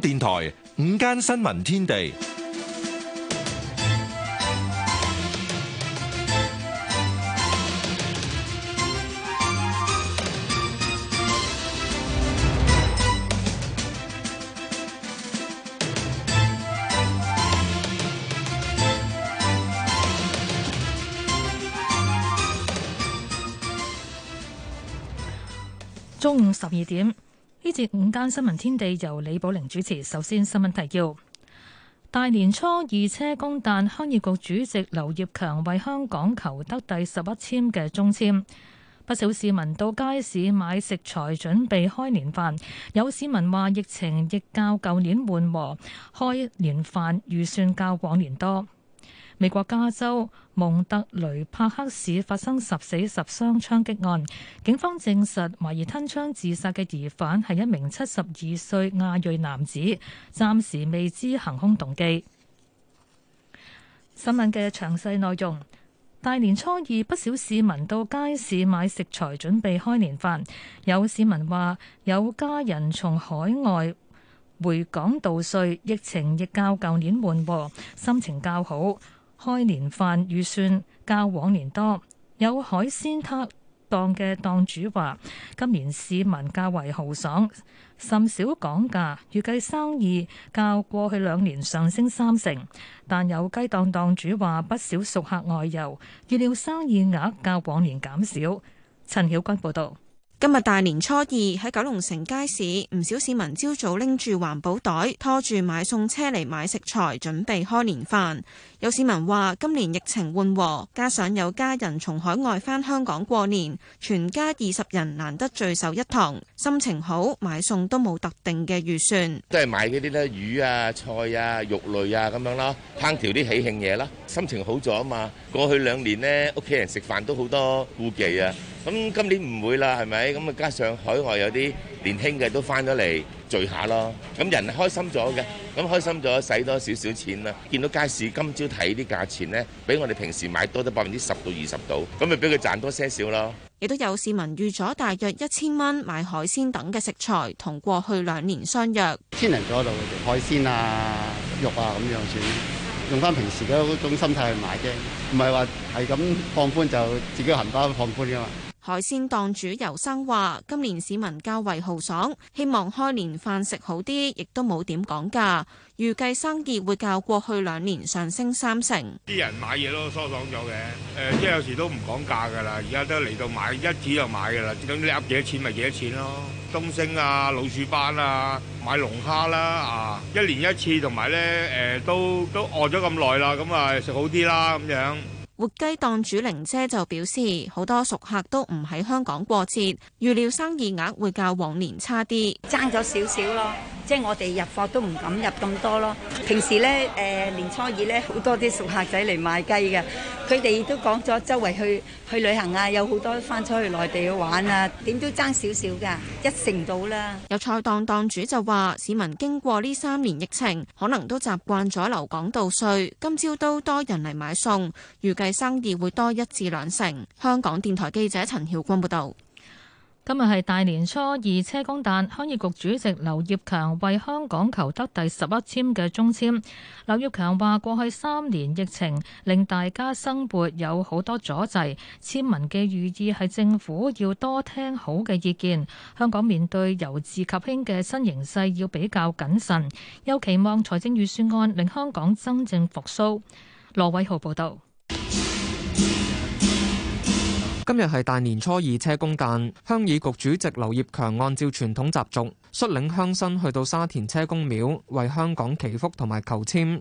電台午間新聞天地，中午十二點。午間新聞天地由李寶玲主持。首先新聞提要：大年初二車公誕，鄉議局主席劉業強為香港求得第十一簽嘅中簽。不少市民到街市買食材準備開年飯。有市民話疫情亦較舊年緩和，開年飯預算較往年多。美國加州蒙特雷帕克市發生十死十傷槍擊案，警方證實懷疑吞槍自殺嘅疑犯係一名七十二歲亞裔男子，暫時未知行凶動機。新聞嘅詳細內容：大年初二，不少市民到街市買食材準備開年飯。有市民話，有家人從海外回港度歲，疫情亦較舊年緩和，心情較好。開年飯預算較往年多。有海鮮攤檔嘅檔主話，今年市民較為豪爽，甚少講價，預計生意較過去兩年上升三成。但有雞檔檔主話，不少熟客外遊，預料生意額較往年減少。陳曉君報道。今日大年初二喺九龍城街市，唔少市民朝早拎住環保袋，拖住買餸車嚟買食材，準備開年飯。有市民話：今年疫情緩和，加上有家人從海外返香港過年，全家二十人難得聚首一堂，心情好，買餸都冇特定嘅預算。都係買嗰啲咧，魚啊、菜啊、肉類啊咁樣啦，烹調啲喜慶嘢啦，心情好咗啊嘛，過去兩年呢屋企人食飯都好多顧忌啊。咁今年唔會啦，係咪？咁啊，加上海外有啲年輕嘅都翻咗嚟聚下咯。咁人開心咗嘅，咁開心咗，使多少少錢啦。見到街市今朝睇啲價錢咧，比我哋平時買多咗百分之十到二十度，咁咪俾佢賺多些少咯。亦都有市民預咗大約一千蚊買海鮮等嘅食材，同過去兩年相若。千零左右，海鮮啊、肉啊咁樣算，用翻平時嘅嗰種心態去買啫，唔係話係咁放寬就自己個銀包放寬噶嘛。海鮮檔主游生話，今年市民較為豪爽，希望開年飯食好啲，亦都冇點講價，預計生意會較過去兩年上升三成。啲人買嘢都疏爽咗嘅，誒、呃，即係有時都唔講價噶啦，而家都嚟到買一指就買噶啦，等你嗌幾多錢咪幾多錢咯。東星啊，老鼠斑啊，買龍蝦啦啊，一年一次，同埋咧，誒、呃，都都餓咗咁耐啦，咁啊食好啲啦，咁樣。活雞檔主玲姐就表示，好多熟客都唔喺香港過節，預料生意額會較往年差啲，爭咗少少咯。即係我哋入貨都唔敢入咁多咯。平時咧，誒年初二咧，好多啲熟客仔嚟買雞㗎，佢哋都講咗，周圍去去旅行啊，有好多返出去內地去玩啊，點都爭少少㗎，一成到啦。有菜檔檔主就話：市民經過呢三年疫情，可能都習慣咗留港度歲，今朝都多人嚟買餸，預計生意會多一至兩成。香港電台記者陳曉君報道。今日係大年初二，車公誕，鄉議局主席劉業強為香港求得第十一簽嘅中簽。劉業強話：過去三年疫情令大家生活有好多阻滯，簽文嘅寓意係政府要多聽好嘅意見。香港面對由治及興嘅新形勢，要比較謹慎，又期望財政預算案令香港真正復甦。羅偉豪報導。今日係大年初二車，車公誕，鄉議局主席劉業強按照傳統習俗，率領鄉紳去到沙田車公廟為香港祈福同埋求籤。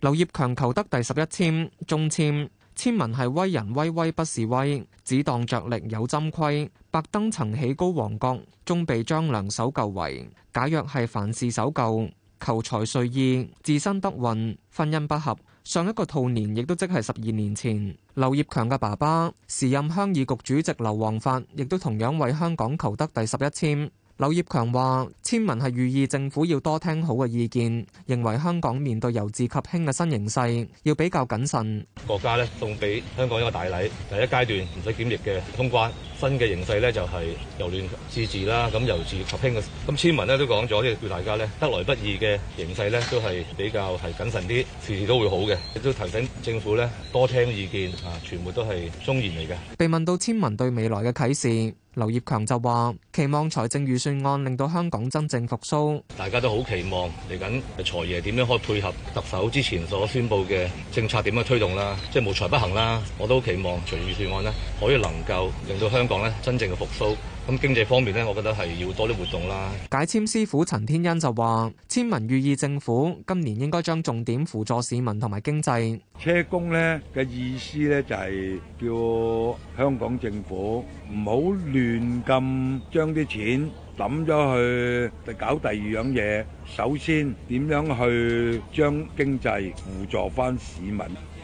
劉業強求得第十一籤，中籤。籤文係：威人威威不是威，只當着力有針規。白登曾起高皇國，終被張良守舊圍。假若係凡事守舊，求財遂意，自身得運，婚姻不合。上一個兔年，亦都即係十二年前，劉業強嘅爸爸，時任鄉議局主席劉皇發，亦都同樣為香港求得第十一簽。劉業強話：簽文係寓意政府要多聽好嘅意見，認為香港面對由治及興嘅新形勢，要比較謹慎。國家咧送俾香港一個大禮，第一階段唔使檢疫嘅通關，新嘅形勢呢就係、是，由亂自治啦。咁由治及興嘅，咁簽文呢都講咗，即叫大家呢得來不易嘅形勢呢都係比較係謹慎啲，次次都會好嘅。亦都提醒政府呢多聽意見，啊，全部都係忠言嚟嘅。被問到簽文對未來嘅啟示。劉業強就話：期望財政預算案令到香港真正復蘇，大家都好期望嚟緊財爺點樣可以配合特首之前所宣布嘅政策點樣推動啦，即係無財不行啦。我都好期望財預算案呢，可以能夠令到香港咧真正嘅復蘇。咁經濟方面咧，我覺得係要多啲活動啦。解簽師傅陳天恩就話，簽文寓意政府今年應該將重點輔助市民同埋經濟。車工咧嘅意思咧就係叫香港政府唔好亂咁將啲錢抌咗去搞第二樣嘢。首先點樣去將經濟輔助翻市民，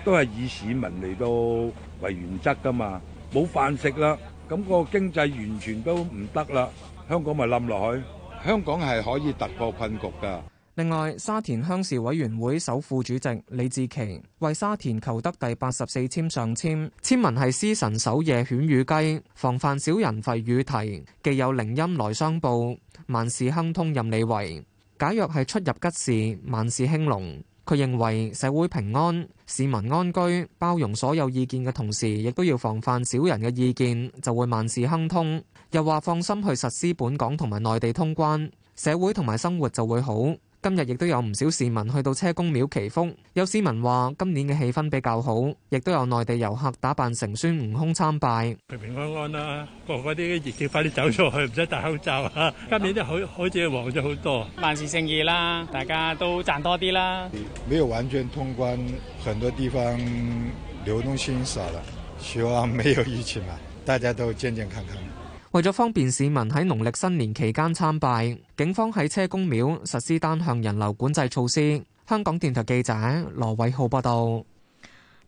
都係以市民嚟到為原則噶嘛。冇飯食啦！咁個經濟完全都唔得啦，香港咪冧落去？香港係可以突破困局噶。另外，沙田鄉事委員會首副主席李志麒為沙田求得第八十四籤上籤，簽文係：司神守夜犬與雞，防範小人吠與啼，既有靈音來相報，萬事亨通任你為。假若係出入吉事，萬事興隆。佢認為社會平安。市民安居，包容所有意見嘅同時，亦都要防範小人嘅意見，就會萬事亨通。又話放心去實施本港同埋內地通關，社會同埋生活就會好。今日亦都有唔少市民去到車公廟祈福，有市民話今年嘅氣氛比較好，亦都有內地遊客打扮成孫悟空參拜。平平安安啦、啊，個個啲疫情快啲走出去，唔使戴口罩啊！今年都好好似旺咗好多。萬事勝意啦，大家都賺多啲啦。沒有完全通關，很多地方流動性少了，希望沒有疫情啊！大家都健健康康。為咗方便市民喺農曆新年期間參拜，警方喺車公廟實施單向人流管制措施。香港電台記者羅偉浩報道。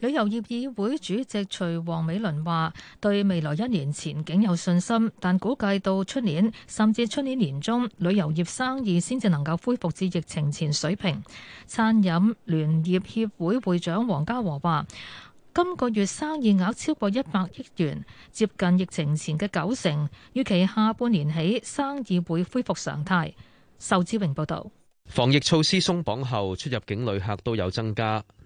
旅遊業議會主席徐王美倫話：對未來一年前景有信心，但估計到出年甚至出年年中，旅遊業生意先至能夠恢復至疫情前水平。餐飲聯業協會會長黃家和話。今個月生意額超過一百億元，接近疫情前嘅九成。預期下半年起，生意會恢復常態。仇志榮報道。防疫措施鬆綁後，出入境旅客都有增加。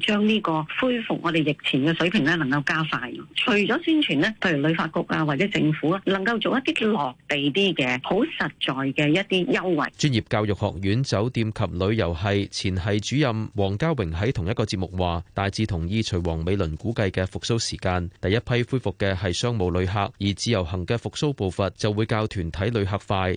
將呢個恢復我哋疫前嘅水平咧，能夠加快。除咗宣傳咧，譬如旅發局啊，或者政府啊，能夠做一啲落地啲嘅好實在嘅一啲優惠。專業教育學院酒店及旅遊系前系主任黃家榮喺同一個節目話，大致同意除黃美倫估計嘅復蘇時間，第一批恢復嘅係商務旅客，而自由行嘅復蘇步伐就會較團體旅客快。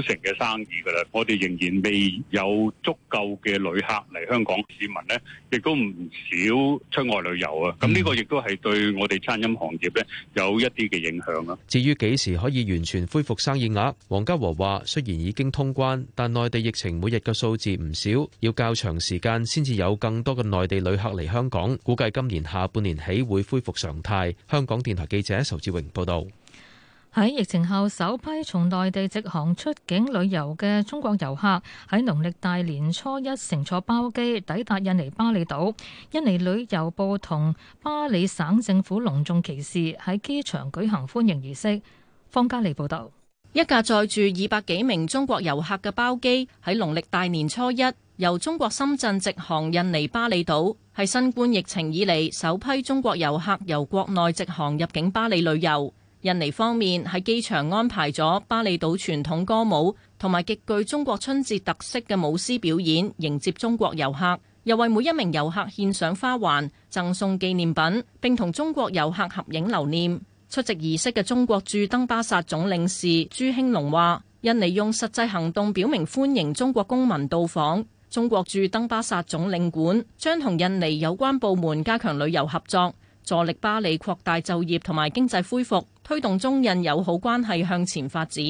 成嘅生意噶啦，我哋仍然未有足夠嘅旅客嚟香港，市民呢亦都唔少出外旅遊啊。咁呢個亦都係對我哋餐飲行業呢有一啲嘅影響啊。至於幾時可以完全恢復生意額，黃家和話，雖然已經通關，但內地疫情每日嘅數字唔少，要較長時間先至有更多嘅內地旅客嚟香港。估計今年下半年起會恢復常態。香港電台記者仇志榮報道。喺疫情後首批從內地直航出境旅遊嘅中國遊客，喺農曆大年初一乘坐包機抵達印尼巴厘島。印尼旅遊部同巴里省政府隆重其事，喺機場舉行歡迎儀式。方家利報導，一架載住二百幾名中國遊客嘅包機喺農曆大年初一由中國深圳直航印尼巴厘島，係新冠疫情以嚟首批中國遊客由國內直航入境巴里旅遊。印尼方面喺機場安排咗巴厘島傳統歌舞同埋極具中國春節特色嘅舞獅表演，迎接中國遊客，又為每一名遊客獻上花環贈送紀念品，並同中國遊客合影留念。出席儀式嘅中國駐登巴薩總領事朱興龍話：印尼用實際行動表明歡迎中國公民到訪。中國駐登巴薩總領館將同印尼有關部門加強旅遊合作。助力巴厘擴大就業同埋經濟恢復，推動中印友好關係向前發展。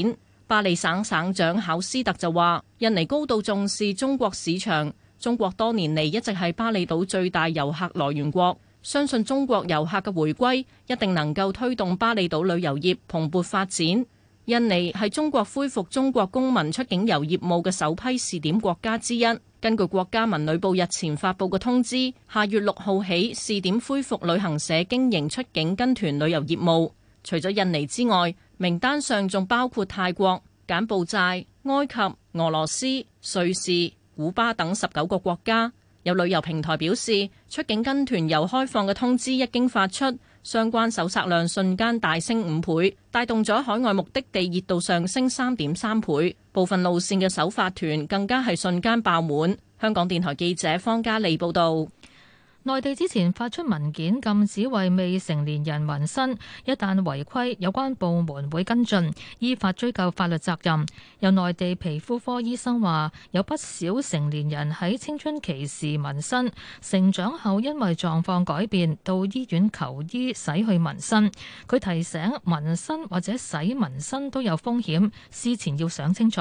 巴厘省省長考斯特就話：印尼高度重視中國市場，中國多年嚟一直係巴厘島最大遊客來源國，相信中國遊客嘅回歸一定能夠推動巴厘島旅遊業蓬勃發展。印尼係中國恢復中國公民出境遊業務嘅首批試點國家之一。根據國家文旅部日前發布嘅通知，下月六號起試點恢復旅行社經營出境跟團旅遊業務。除咗印尼之外，名單上仲包括泰國、柬埔寨、埃及、俄羅斯、瑞士、古巴等十九個國家。有旅遊平台表示，出境跟團遊開放嘅通知一經發出，相關搜索量瞬間大升五倍，帶動咗海外目的地熱度上升三點三倍，部分路線嘅首發團更加係瞬間爆滿。香港電台記者方嘉莉報道。內地之前發出文件禁止為未成年人紋身，一旦違規，有關部門會跟進，依法追究法律責任。有內地皮膚科醫生話，有不少成年人喺青春期時紋身，成長後因為狀況改變，到醫院求醫洗去紋身。佢提醒，紋身或者洗紋身都有風險，事前要想清楚。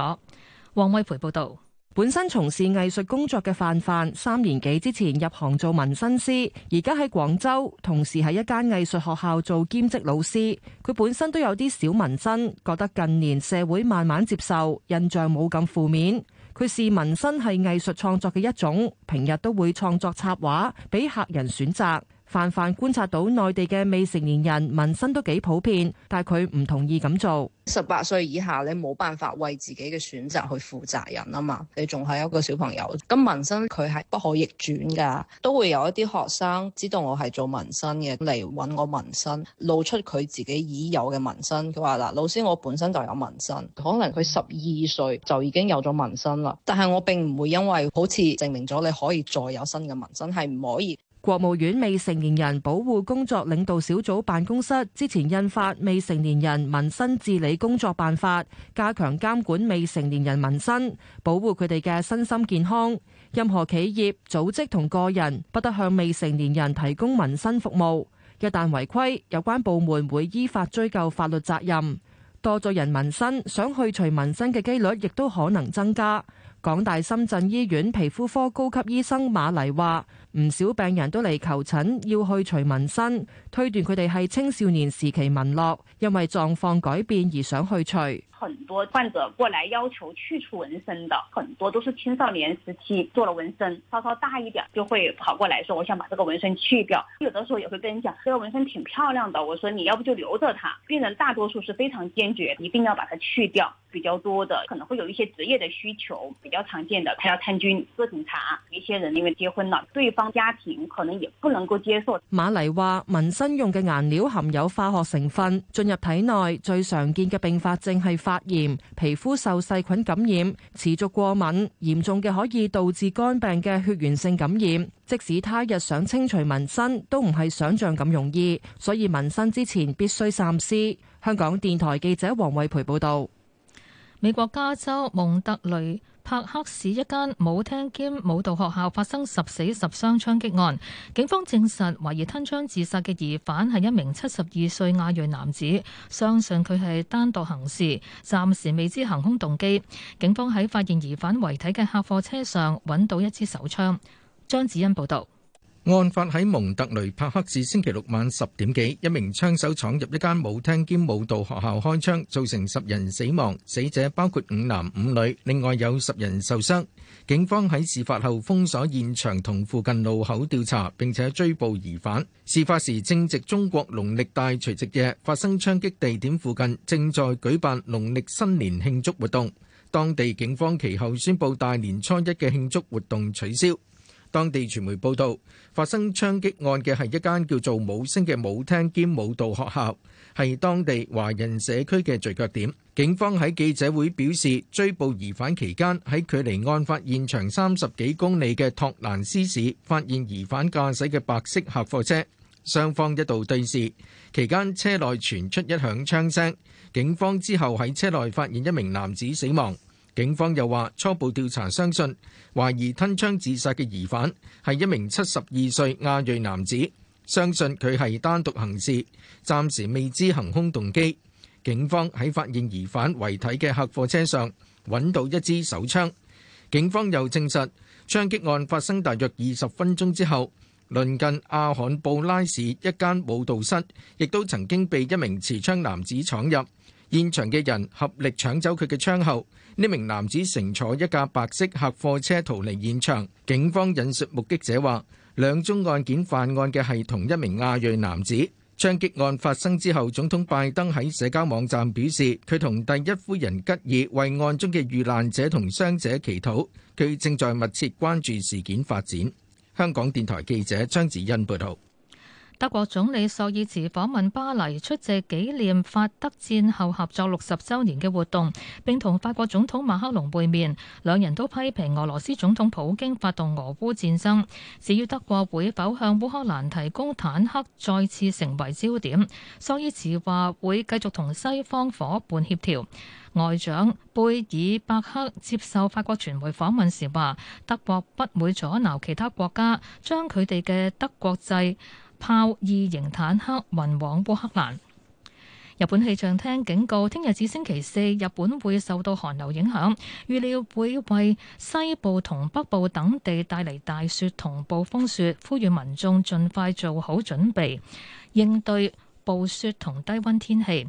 黃威培報導。本身從事藝術工作嘅范范，三年幾之前入行做紋身師，而家喺廣州，同時喺一間藝術學校做兼職老師。佢本身都有啲小紋身，覺得近年社會慢慢接受，印象冇咁負面。佢視紋身係藝術創作嘅一種，平日都會創作插畫俾客人選擇。凡凡觀察到內地嘅未成年人紋身都幾普遍，但係佢唔同意咁做。十八歲以下你冇辦法為自己嘅選擇去負責任啊嘛，你仲係一個小朋友。咁紋身佢係不可逆轉噶，都會有一啲學生知道我係做紋身嘅嚟揾我紋身，露出佢自己已有嘅紋身。佢話嗱，老師我本身就有紋身，可能佢十二歲就已經有咗紋身啦，但係我並唔會因為好似證明咗你可以再有新嘅紋身係唔可以。國務院未成年人保護工作領導小組辦公室之前印發《未成年人文身治理工作辦法》，加強監管未成年人文身，保護佢哋嘅身心健康。任何企業、組織同個人不得向未成年人提供文身服務，一旦違規，有關部門會依法追究法律責任。多咗人文身，想去除文身嘅幾率亦都可能增加。港大深圳醫院皮膚科高級醫生馬麗話。唔少病人都嚟求診，要去除紋身，推斷佢哋係青少年時期紋落，因為狀況改變而想去除。很多患者過來要求去除紋身的，很多都是青少年時期做了紋身，稍稍大一點就會跑過來說我想把這個紋身去掉。有的時候也會跟人講，這個紋身挺漂亮的，我說你要不就留着它。病人大多數是非常堅決，一定要把它去掉。比較多的可能會有一些職業的需求，比較常見的，他要參軍、做警察，一些人因為結婚了，對家庭可能也不能夠接受。馬黎話：紋身用嘅顏料含有化學成分，進入體內最常見嘅併發症係發炎、皮膚受細菌感染、持續過敏，嚴重嘅可以導致肝病嘅血源性感染。即使他日想清除紋身，都唔係想象咁容易，所以紋身之前必須三思。香港電台記者黃慧培報道。美國加州蒙特雷。帕克市一間舞廳兼舞蹈學校發生十死十傷槍擊案，警方證實懷疑吞槍自殺嘅疑犯係一名七十二歲亞裔男子，相信佢係單獨行事，暫時未知行凶動機。警方喺發現疑犯遺體嘅客貨車上揾到一支手槍。張子欣報道。案發喺蒙特雷帕克市星期六晚十點幾，一名槍手闖入一間舞廳兼舞蹈學校開槍，造成十人死亡，死者包括五男五女，另外有十人受傷。警方喺事發後封鎖現場同附近路口調查，並且追捕疑犯。事發時正值中國農曆大除夕夜，發生槍擊地點附近正在舉辦農曆新年慶祝活動。當地警方其後宣布大年初一嘅慶祝活動取消。當地傳媒報道，發生槍擊案嘅係一間叫做舞星嘅舞廳兼舞蹈學校，係當地華人社區嘅聚腳點。警方喺記者會表示，追捕疑犯期間喺距離案發現場三十幾公里嘅托蘭斯市發現疑犯駕駛嘅白色客貨車，雙方一度對峙，期間車內傳出一響槍聲。警方之後喺車內發現一名男子死亡。警方又話，初步調查相信懷疑吞槍自殺嘅疑犯係一名七十二歲亞裔男子，相信佢係單獨行事，暫時未知行兇動機。警方喺發現疑犯遺體嘅客貨車上揾到一支手槍。警方又證實，槍擊案發生大約二十分鐘之後，鄰近阿罕布拉市一間舞蹈室亦都曾經被一名持槍男子闖入。現場嘅人合力搶走佢嘅槍後，呢名男子乘坐一架白色客貨車逃離現場。警方引述目擊者話，兩宗案件犯案嘅係同一名亞裔男子。槍擊案發生之後，總統拜登喺社交網站表示，佢同第一夫人吉爾為案中嘅遇難者同傷者祈禱。佢正在密切關注事件發展。香港電台記者張子欣報道。德國總理朔爾茨訪問巴黎，出席紀念法德戰後合作六十周年嘅活動，並同法國總統馬克龍會面。兩人都批評俄羅斯總統普京發動俄烏戰爭。至於德國會否向烏克蘭提供坦克，再次成為焦點。朔爾茨話會繼續同西方伙伴協調。外長貝爾伯克接受法國傳媒訪問時話，德國不會阻撓其他國家將佢哋嘅德國製。炮二型坦克運往烏克蘭。日本氣象廳警告，聽日至星期四，日本會受到寒流影響，預料會為西部同北部等地帶嚟大雪同暴風雪，呼籲民眾盡快做好準備應對。暴雪同低溫天氣，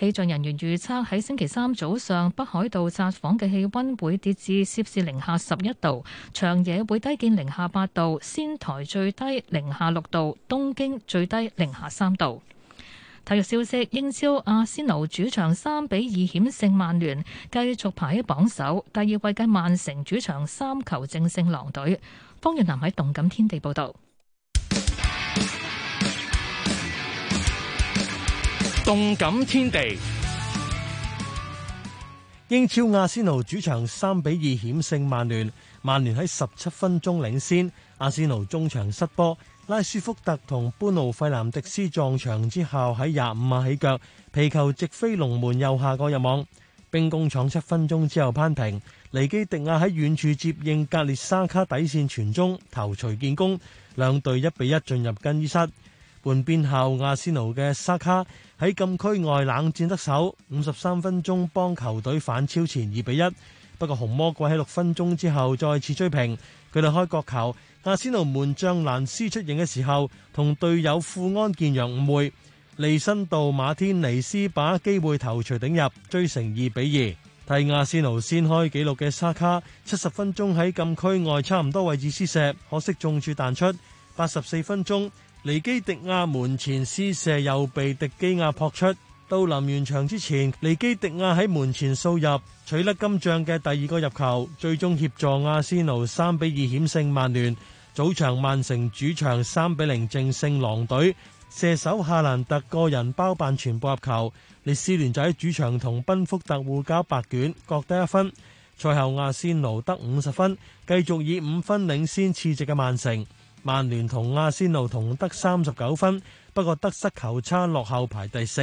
氣象人員預測喺星期三早上，北海道札幌嘅氣溫會跌至攝氏零下十一度，長野會低見零下八度，仙台最低零下六度，東京最低零下三度。體育消息：英超阿仙奴主場三比二險勝曼聯，繼續排喺榜首。第二位嘅曼城主場三球淨勝狼隊。方若南喺動感天地報道。 動感天地！英超阿仙奴主場三比二險勝曼聯，曼聯喺十七分鐘領先，阿仙奴中場失波，拉舒福特同班奴費南迪斯撞牆之後喺廿五碼起腳，皮球直飛龍門右下角入網，兵工廠七分鐘之後扳平，尼基迪亞喺遠處接應格列沙卡底線傳中，頭錘建功，兩隊一比一進入更衣室。半邊後，阿仙奴嘅沙卡。喺禁區外冷戰得手，五十三分鐘幫球隊反超前二比一。不過紅魔鬼喺六分鐘之後再次追平。佢哋開角球，阿仙奴門將蘭斯出迎嘅時候，同隊友富安健洋誤會，利申道馬天尼斯把機會頭槌頂入，追成二比二。替阿仙奴先開紀錄嘅沙卡，七十分鐘喺禁區外差唔多位置施射，可惜中柱彈出。八十四分鐘，尼基迪亞門前施射，又被迪基亞撲出。到臨完場之前，尼基迪亞喺門前掃入取得今仗嘅第二個入球，最終協助阿仙奴三比二險勝曼聯。早場曼城主場三比零正勝狼隊，射手夏蘭特個人包辦全部入球。列斯聯就喺主場同賓福特互交白卷，各得一分。賽後阿仙奴得五十分，繼續以五分領先次席嘅曼城。曼聯同阿仙奴同得三十九分，不過得失球差落後排第四。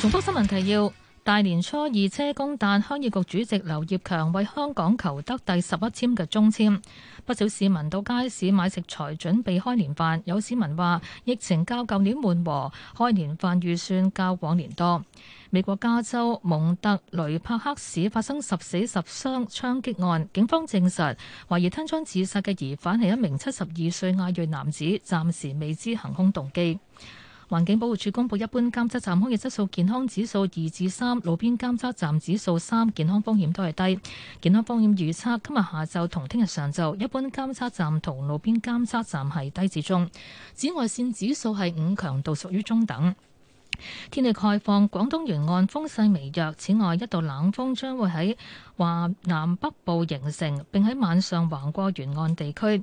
重複新聞提要。大年初二車公誕，鄉議局主席劉業強為香港求得第十一簽嘅中簽。不少市民到街市買食材準備開年飯。有市民話：疫情較舊年緩和，開年飯預算較往年多。美國加州蒙特雷帕克市發生十死十傷槍擊案，警方證實懷疑吞槍自殺嘅疑犯係一名七十二歲亞裔男子，暫時未知行兇動機。環境保護署公布一般監測站空氣質素健康指數二至三，路邊監測站指數三，健康風險都係低。健康風險預測今日下晝同聽日上晝一般監測站同路邊監測站係低至中，紫外線指數係五，強度屬於中等。天氣概況：廣東沿岸風勢微弱，此外一道冷鋒將會喺。華南北部形成，並喺晚上橫過沿岸地區。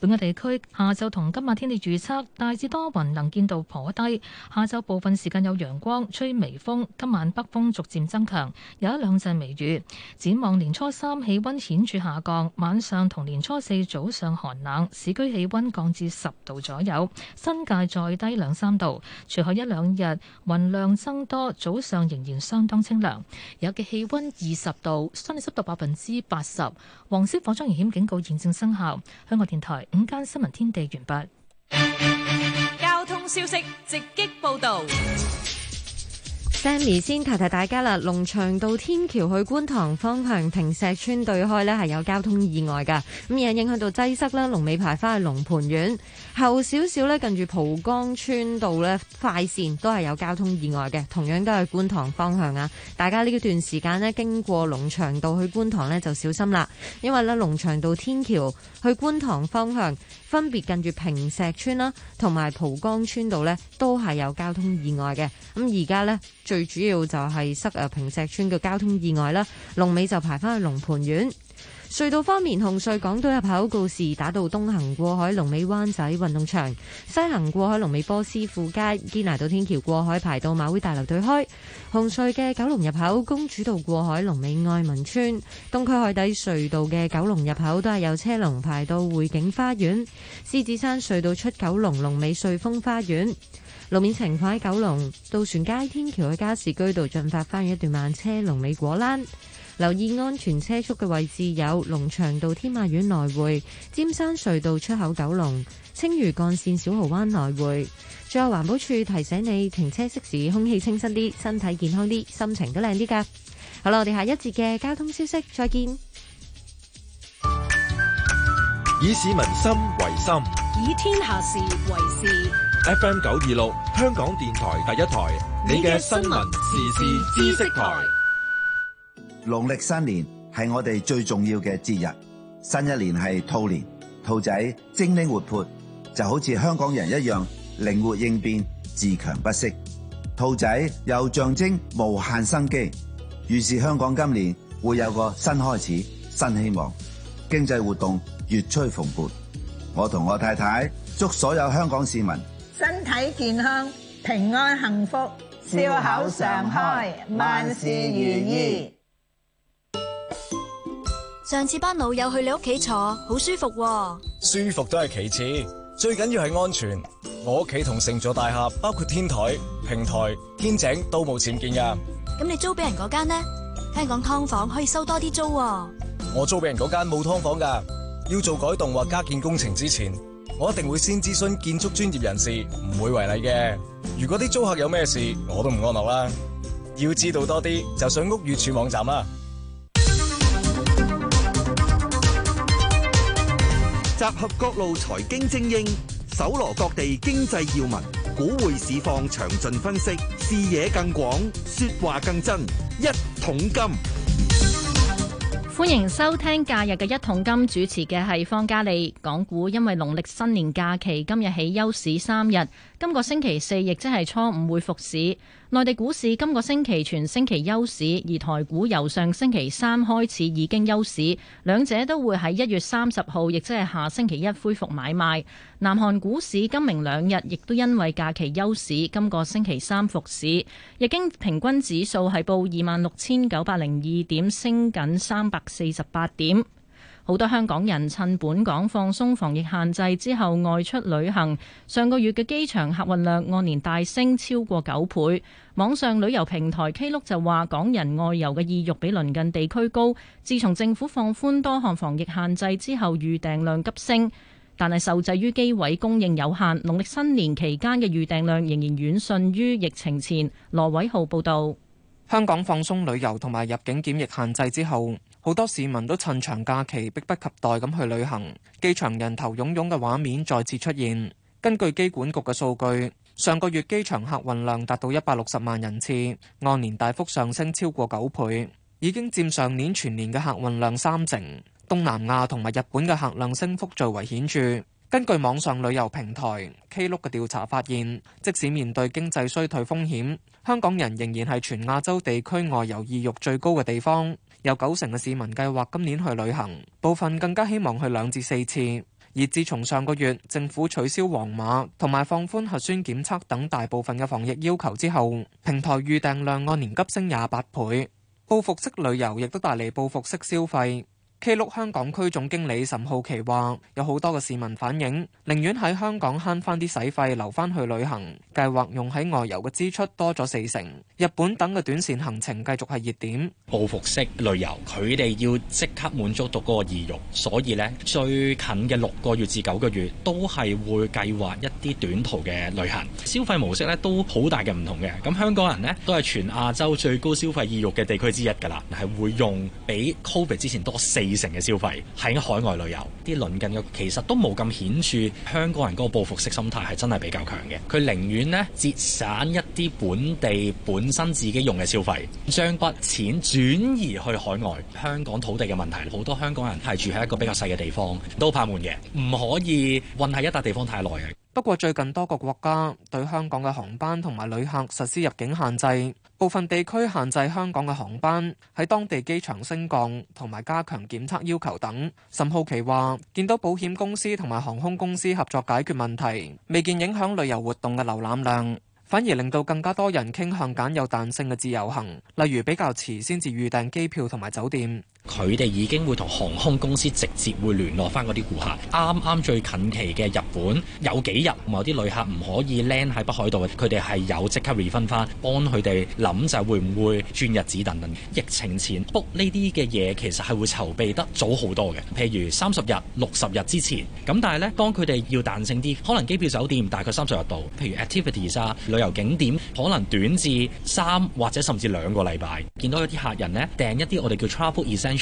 本港地區下晝同今晚天氣預測，大致多雲，能見度頗低。下晝部分時間有陽光，吹微風。今晚北風逐漸增強，有一兩陣微雨。展望年初三氣溫顯著下降，晚上同年初四早上寒冷，市區氣溫降至十度左右，新界再低兩三度。隨後一兩日雲量增多，早上仍然相當清涼，有嘅氣溫二十度。濕度百分之八十，黃色火災危險警告現正生效。香港電台午間新聞天地完畢。交通消息直擊報道。Sammy 先提提大家啦，龍翔道天橋去觀塘方向，平石村對開呢係有交通意外噶，咁而影響到擠塞啦。龍尾排翻去龍蟠苑後少少呢，近住蒲崗村道呢，快線都係有交通意外嘅，同樣都係觀塘方向啊！大家呢段時間呢，經過龍翔道去觀塘呢就小心啦，因為呢龍翔道天橋去觀塘方向，塘塘方向分別近住平石村啦同埋蒲崗村道呢都係有交通意外嘅。咁而家呢。最主要就係塞啊！坪石村嘅交通意外啦，龍尾就排翻去龍蟠苑隧道方面，紅隧港島入口告示打到東行過海龍尾灣仔運動場，西行過海龍尾波斯富街堅拿道天橋過海排到馬會大樓對開，紅隧嘅九龍入口公主道過海龍尾愛民村，東區海底隧道嘅九龍入口都係有車龍排到匯景花園，獅子山隧道出九龍龍尾瑞峰花園。路面情況，喺九龍渡船街天橋嘅加士居道進發翻一段慢車龍尾果欄，留意安全車速嘅位置有龍翔道天馬苑來回、尖山隧道出口九龍、九龍青嶼幹線小蠔灣來回。最後環保署提醒你停車適時，空氣清新啲，身體健康啲，心情都靚啲㗎。好啦，我哋下一節嘅交通消息，再見。以市民心為心，以天下事為事。FM 九二六，26，香港電台第一台，你嘅新聞時事知識台。農曆新年係我哋最重要嘅節日，新一年係兔年，兔仔精靈活潑，就好似香港人一樣靈活應變、自強不息。兔仔又象徵無限生機，預示香港今年會有個新開始、新希望，經濟活動越趨蓬勃，我同我太太祝所有香港市民，身體健康，平安幸福，笑口常開，萬事如意。上次班老友去你屋企坐，好舒服喎。舒服都係其次，最緊要係安全。我屋企同成座大廈包括天台、平台、天井都冇僭建噶。咁你租俾人嗰間呢？聽講劏房可以收多啲租。我租俾人嗰間冇劏房噶，要做改動或加建工程之前，我一定會先諮詢建築專業人士，唔會違例嘅。如果啲租客有咩事，我都唔安樂啦。要知道多啲，就上屋宇署網站啦。集合各路財經精英，搜羅各地經濟要聞，股匯市況詳盡分析，視野更廣，說話更真，一桶金。歡迎收聽假日嘅一桶金，主持嘅係方嘉利。港股因為農曆新年假期，今日起休市三日，今個星期四亦即係初五會復市。內地股市今個星期全星期休市，而台股由上星期三開始已經休市，兩者都會喺一月三十號，亦即係下星期一恢復買賣。南韓股市今明兩日亦都因為假期休市，今個星期三復市，日經平均指數係報二萬六千九百零二點，升緊三百四十八點。好多香港人趁本港放鬆防疫限制之後外出旅行。上個月嘅機場客運量按年大升，超過九倍。網上旅遊平台 K 碌就話港人外遊嘅意欲比鄰近地區高。自從政府放寬多項防疫限制之後，預訂量急升，但係受制於機位供應有限，農曆新年期間嘅預訂量仍然遠遜於疫情前。羅偉浩報道，香港放鬆旅遊同埋入境檢疫限制之後。好多市民都趁長假期，迫不及待咁去旅行，機場人頭涌涌嘅畫面再次出現。根據機管局嘅數據，上個月機場客運量達到一百六十萬人次，按年大幅上升超過九倍，已經佔上年全年嘅客運量三成。東南亞同埋日本嘅客量升幅最為顯著。根據網上旅遊平台 Klook 嘅調查發現，即使面對經濟衰退風險，香港人仍然係全亞洲地區外遊意欲最高嘅地方。有九成嘅市民計劃今年去旅行，部分更加希望去兩至四次。而自從上個月政府取消黃碼同埋放寬核酸檢測等大部分嘅防疫要求之後，平台預訂量按年急升廿八倍。報復式旅遊亦都帶嚟報復式消費。K 六香港區總經理岑浩奇話：有好多嘅市民反映，寧願喺香港慳翻啲使費，留翻去旅行，計劃用喺外遊嘅支出多咗四成。日本等嘅短線行程繼續係熱點，報復式旅遊，佢哋要即刻滿足到嗰個意欲，所以呢，最近嘅六個月至九個月都係會計劃一啲短途嘅旅行，消費模式呢都好大嘅唔同嘅。咁香港人呢都係全亞洲最高消費意欲嘅地區之一噶啦，係會用比 Covid 之前多四。成嘅消費喺海外旅遊，啲鄰近嘅其實都冇咁顯著。香港人嗰個報復式心態係真係比較強嘅，佢寧願呢，節省一啲本地本身自己用嘅消費，將筆錢轉移去海外。香港土地嘅問題，好多香港人係住喺一個比較細嘅地方，都怕悶嘅，唔可以韞喺一笪地方太耐嘅。不過，最近多個國家對香港嘅航班同埋旅客實施入境限制，部分地區限制香港嘅航班喺當地機場升降同埋加強檢測要求等。沈浩奇話，見到保險公司同埋航空公司合作解決問題，未見影響旅遊活動嘅瀏覽量，反而令到更加多人傾向揀有彈性嘅自由行，例如比較遲先至預訂機票同埋酒店。佢哋已經會同航空公司直接會聯絡翻嗰啲顧客。啱啱最近期嘅日本有幾日，某啲旅客唔可以 land 喺北海道嘅，佢哋係有即刻 refund 翻，幫佢哋諗就係會唔會轉日子等等。疫情前 book 呢啲嘅嘢，其實係會籌備得早好多嘅。譬如三十日，六十日之前。咁但係呢，當佢哋要彈性啲，可能機票、酒店大概三十日度，譬如 activities 啊、旅遊景點，可能短至三或者甚至兩個禮拜。見到有啲客人呢，訂一啲我哋叫 travel essential。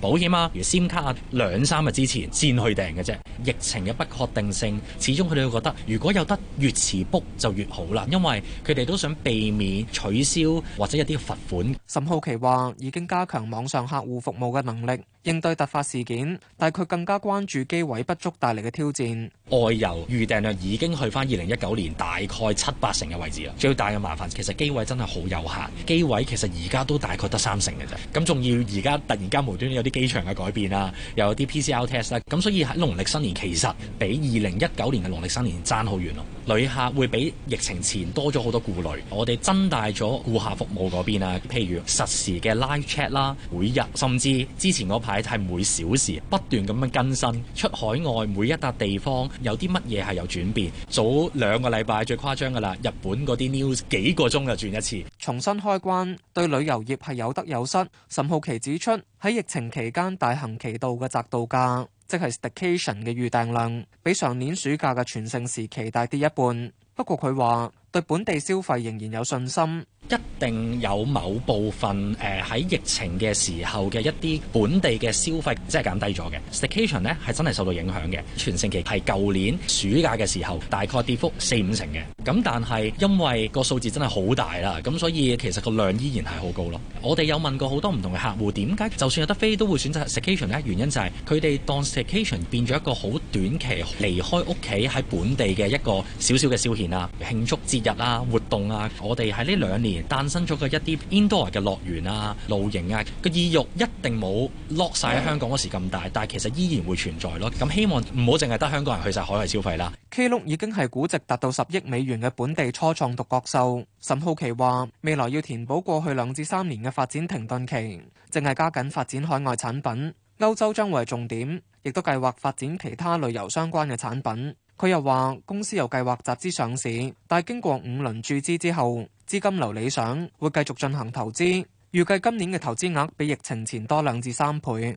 保險啊，如先卡兩三日之前先去訂嘅啫。疫情嘅不確定性，始終佢哋都覺得如果有得越遲 book 就越好啦，因為佢哋都想避免取消或者一啲罰款。沈浩奇話已經加強網上客戶服務嘅能力。應對突發事件，但係佢更加關注機位不足帶嚟嘅挑戰。外遊預訂量已經去返二零一九年大概七八成嘅位置啦。最大嘅麻煩其實機位真係好有限，機位其實而家都大概得三成嘅啫。咁仲要而家突然間無端端有啲機場嘅改變啦，又有啲 PCR test 啦。咁所以喺農曆新年其實比二零一九年嘅農曆新年爭好遠咯。旅客會比疫情前多咗好多顧慮。我哋增大咗顧客服務嗰邊啊，譬如實時嘅 live chat 啦，每日甚至之前我。係係每小時不斷咁樣更新出海外每一笪地方，有啲乜嘢係有轉變。早兩個禮拜最誇張㗎喇，日本嗰啲 news 幾個鐘就轉一次。重新開關對旅遊業係有得有失。沈浩其指出，喺疫情期間大行其道嘅宅度假，即係 staycation 嘅預訂量，比上年暑假嘅全盛時期大跌一半。不過佢話對本地消費仍然有信心。一定有某部分誒喺、呃、疫情嘅時候嘅一啲本地嘅消費即係減低咗嘅 Staycation 咧係真係受到影響嘅，全盛期係舊年暑假嘅時候，大概跌幅四五成嘅。咁但係因為個數字真係好大啦，咁所以其實個量依然係好高咯。我哋有問過好多唔同嘅客戶，點解就算有得飛都會選擇 Staycation 咧？原因就係佢哋當 Staycation 變咗一個好短期離開屋企喺本地嘅一個小小嘅消遣啊、慶祝節日啊、活動啊。我哋喺呢兩年。誕生咗嘅一啲 indoor 嘅樂園啊、露營啊，個意欲一定冇落晒喺香港嗰時咁大，但係其實依然會存在咯。咁希望唔好淨係得香港人去晒海外消費啦。Klook 已經係估值達到十億美元嘅本地初創獨角獸，沈浩奇話未來要填補過去兩至三年嘅發展停頓期，正係加緊發展海外產品，歐洲將會係重點，亦都計劃發展其他旅遊相關嘅產品。佢又話：公司有計劃集資上市，但係經過五輪注資之後，資金流理想，會繼續進行投資。預計今年嘅投資額比疫情前多兩至三倍。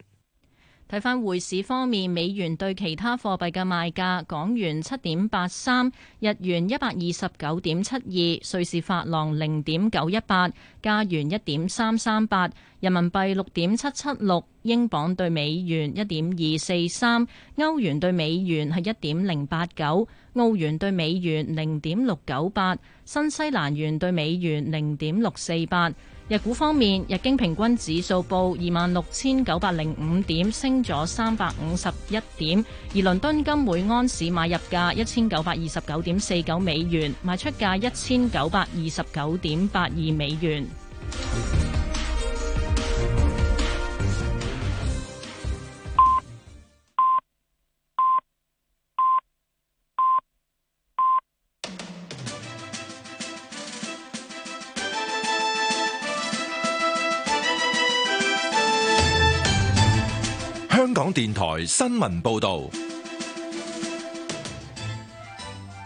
睇翻匯市方面，美元對其他貨幣嘅賣價：港元七點八三，日元一百二十九點七二，瑞士法郎零點九一八，加元一點三三八，人民幣六點七七六，英鎊對美元一點二四三，歐元對美元係一點零八九，澳元對美元零點六九八，新西蘭元對美元零點六四八。日股方面，日經平均指數報二萬六千九百零五點，升咗三百五十一點。而倫敦金每安士買入價一千九百二十九點四九美元，賣出價一千九百二十九點八二美元。香港電台新聞報道，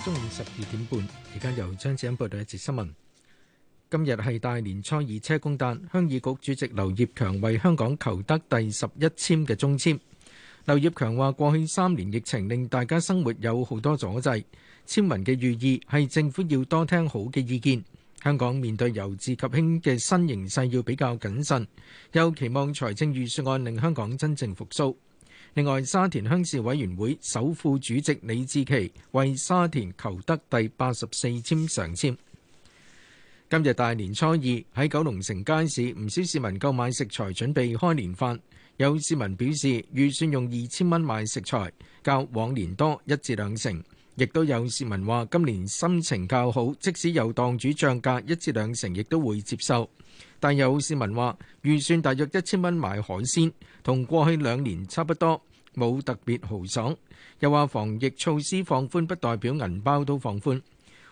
中午十二點半，而家由張子欣報道一節新聞。今日係大年初二，車公誕，鄉議局主席劉業強為香港求得第十一簽嘅中簽。劉業強話：過去三年疫情令大家生活有好多阻滯，簽文嘅寓意係政府要多聽好嘅意見。香港面對由治及興嘅新形勢，要比較謹慎。又期望財政預算案令香港真正復甦。另外，沙田鄉事委員會首副主席李志奇為沙田求得第八十四簽上簽。今日大年初二喺九龍城街市，唔少市民購買食材準備開年飯。有市民表示，預算用二千蚊買食材，較往年多一至兩成。亦都有市民話：今年心情較好，即使有檔主漲價一至兩成，亦都會接受。但有市民話預算大約一千蚊買海鮮，同過去兩年差不多，冇特別豪爽。又話防疫措施放寬不代表銀包都放寬。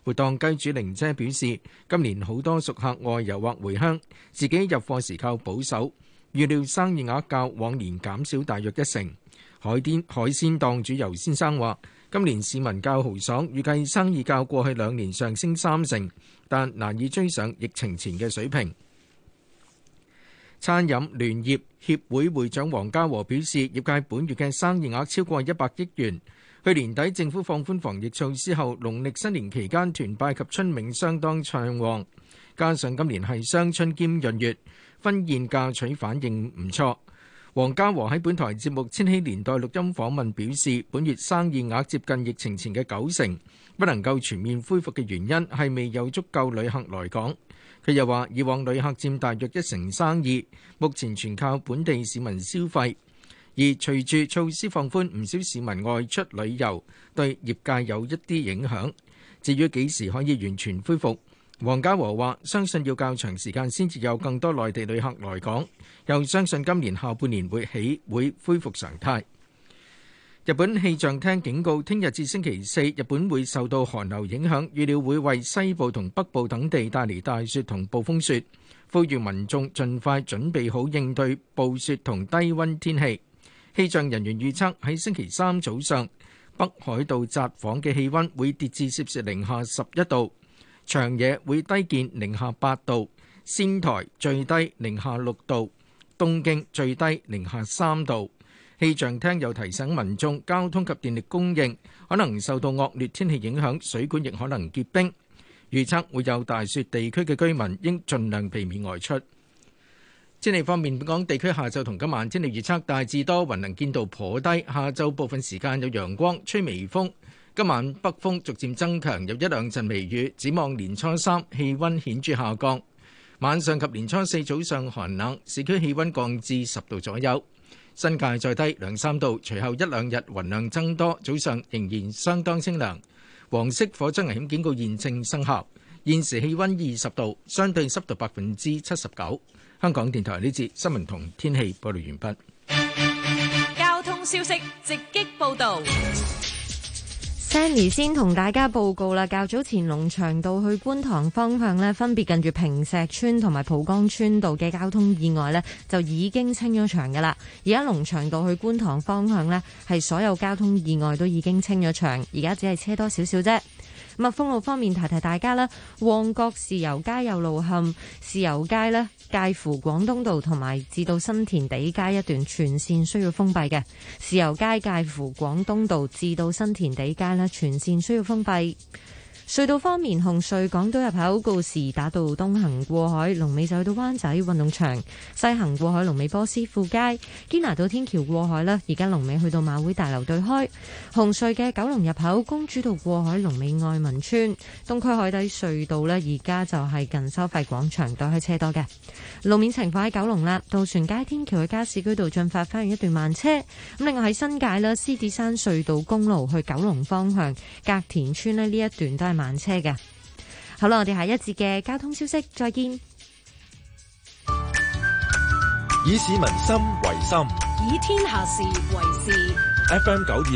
活檔雞主玲姐表示，今年好多熟客外遊或回鄉，自己入貨時靠保守，預料生意額較往年減少大約一成。海鮮海鮮檔主尤先生話。今年市民較豪爽，預計生意較過去兩年上升三成，但難以追上疫情前嘅水平。餐飲聯業協會會長黃家和表示，業界本月嘅生意額超過一百億元。去年底政府放寬防疫措施後，農曆新年期間團拜及春茗相當暢旺，加上今年係雙春兼閏月，婚宴嫁娶反應唔錯。王家和喺本台節目《千禧年代》錄音訪問表示，本月生意額接近疫情前嘅九成，不能夠全面恢復嘅原因係未有足夠旅客來港。佢又話，以往旅客佔大約一成生意，目前全靠本地市民消費。而隨住措施放寬，唔少市民外出旅遊，對業界有一啲影響。至於幾時可以完全恢復，王家和話相信要較長時間先至有更多內地旅客來港。又相信今年下半年會起會恢復常態。日本氣象廳警告，聽日至星期四，日本會受到寒流影響，預料會為西部同北部等地帶嚟大雪同暴風雪，呼籲民眾盡快準備好應對暴雪同低溫天氣。氣象人員預測，喺星期三早上，北海道札幌嘅氣温會跌至攝氏零下十一度，長野會低見零下八度，仙台最低零下六度。東京最低零下三度，氣象廳又提醒民眾，交通及電力供應可能受到惡劣天氣影響，水管亦可能結冰。預測會有大雪地區嘅居民應盡量避免外出。天氣方面，本港地區下晝同今晚天氣預測大致多雲，雲能見度頗低。下晝部分時間有陽光，吹微風。今晚北風逐漸增強，有一兩陣微雨。展望年初三，氣温顯著下降。晚上及年初四早上寒冷，市區氣溫降至十度左右，新界再低兩三度。隨後一兩日雲量增多，早上仍然相當清涼。黃色火災危險警告現正生效。現時氣溫二十度，相對濕度百分之七十九。香港電台呢節新聞同天氣報道完畢。交通消息直擊報道。Sammy 先同大家報告啦，較早前龍翔道去觀塘方向呢，分別近住坪石村同埋浦江村道嘅交通意外呢，就已經清咗場㗎喇。而家龍翔道去觀塘方向呢，係所有交通意外都已經清咗場，而家只係車多少少啫。密封路方面，提提大家啦。旺角豉油街有路陷，豉油街呢，介乎廣東道同埋至到新填地街一段全綫需要封閉嘅。豉油街介乎廣東道至到新填地街呢，全綫需要封閉。隧道方面，紅隧港島入口告士打道東行過海，龍尾就去到灣仔運動場；西行過海，龍尾波斯富街堅拿道天橋過海啦。而家龍尾去到馬會大樓對開。紅隧嘅九龍入口公主道過海，龍尾愛民村。東區海底隧道咧，而家就係近收費廣場對開，車多嘅路面情況喺九龍啦，渡船街天橋嘅加士居道進發，翻完一段慢車。咁另外喺新界啦，獅子山隧道公路去九龍方向，隔田村咧，呢一段都係慢車嘅，好啦，我哋下一節嘅交通消息再見。以市民心為心，以天下事為事。FM 92。